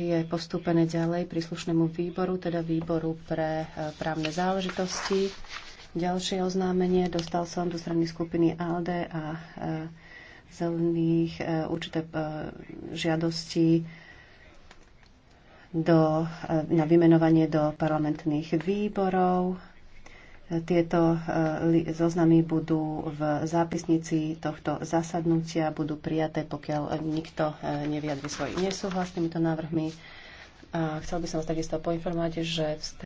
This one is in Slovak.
je postúpené ďalej príslušnému výboru, teda výboru pre e, právne záležitosti. Ďalšie oznámenie dostal som do strany skupiny ALDE a e, zelených e, určité žiadosti do, na vymenovanie do parlamentných výborov. Tieto e, zoznamy budú v zápisnici tohto zasadnutia, budú prijaté, pokiaľ nikto e, nevyjadri svoj nesúhlas s týmito návrhmi. A chcel by som vás takisto poinformovať, že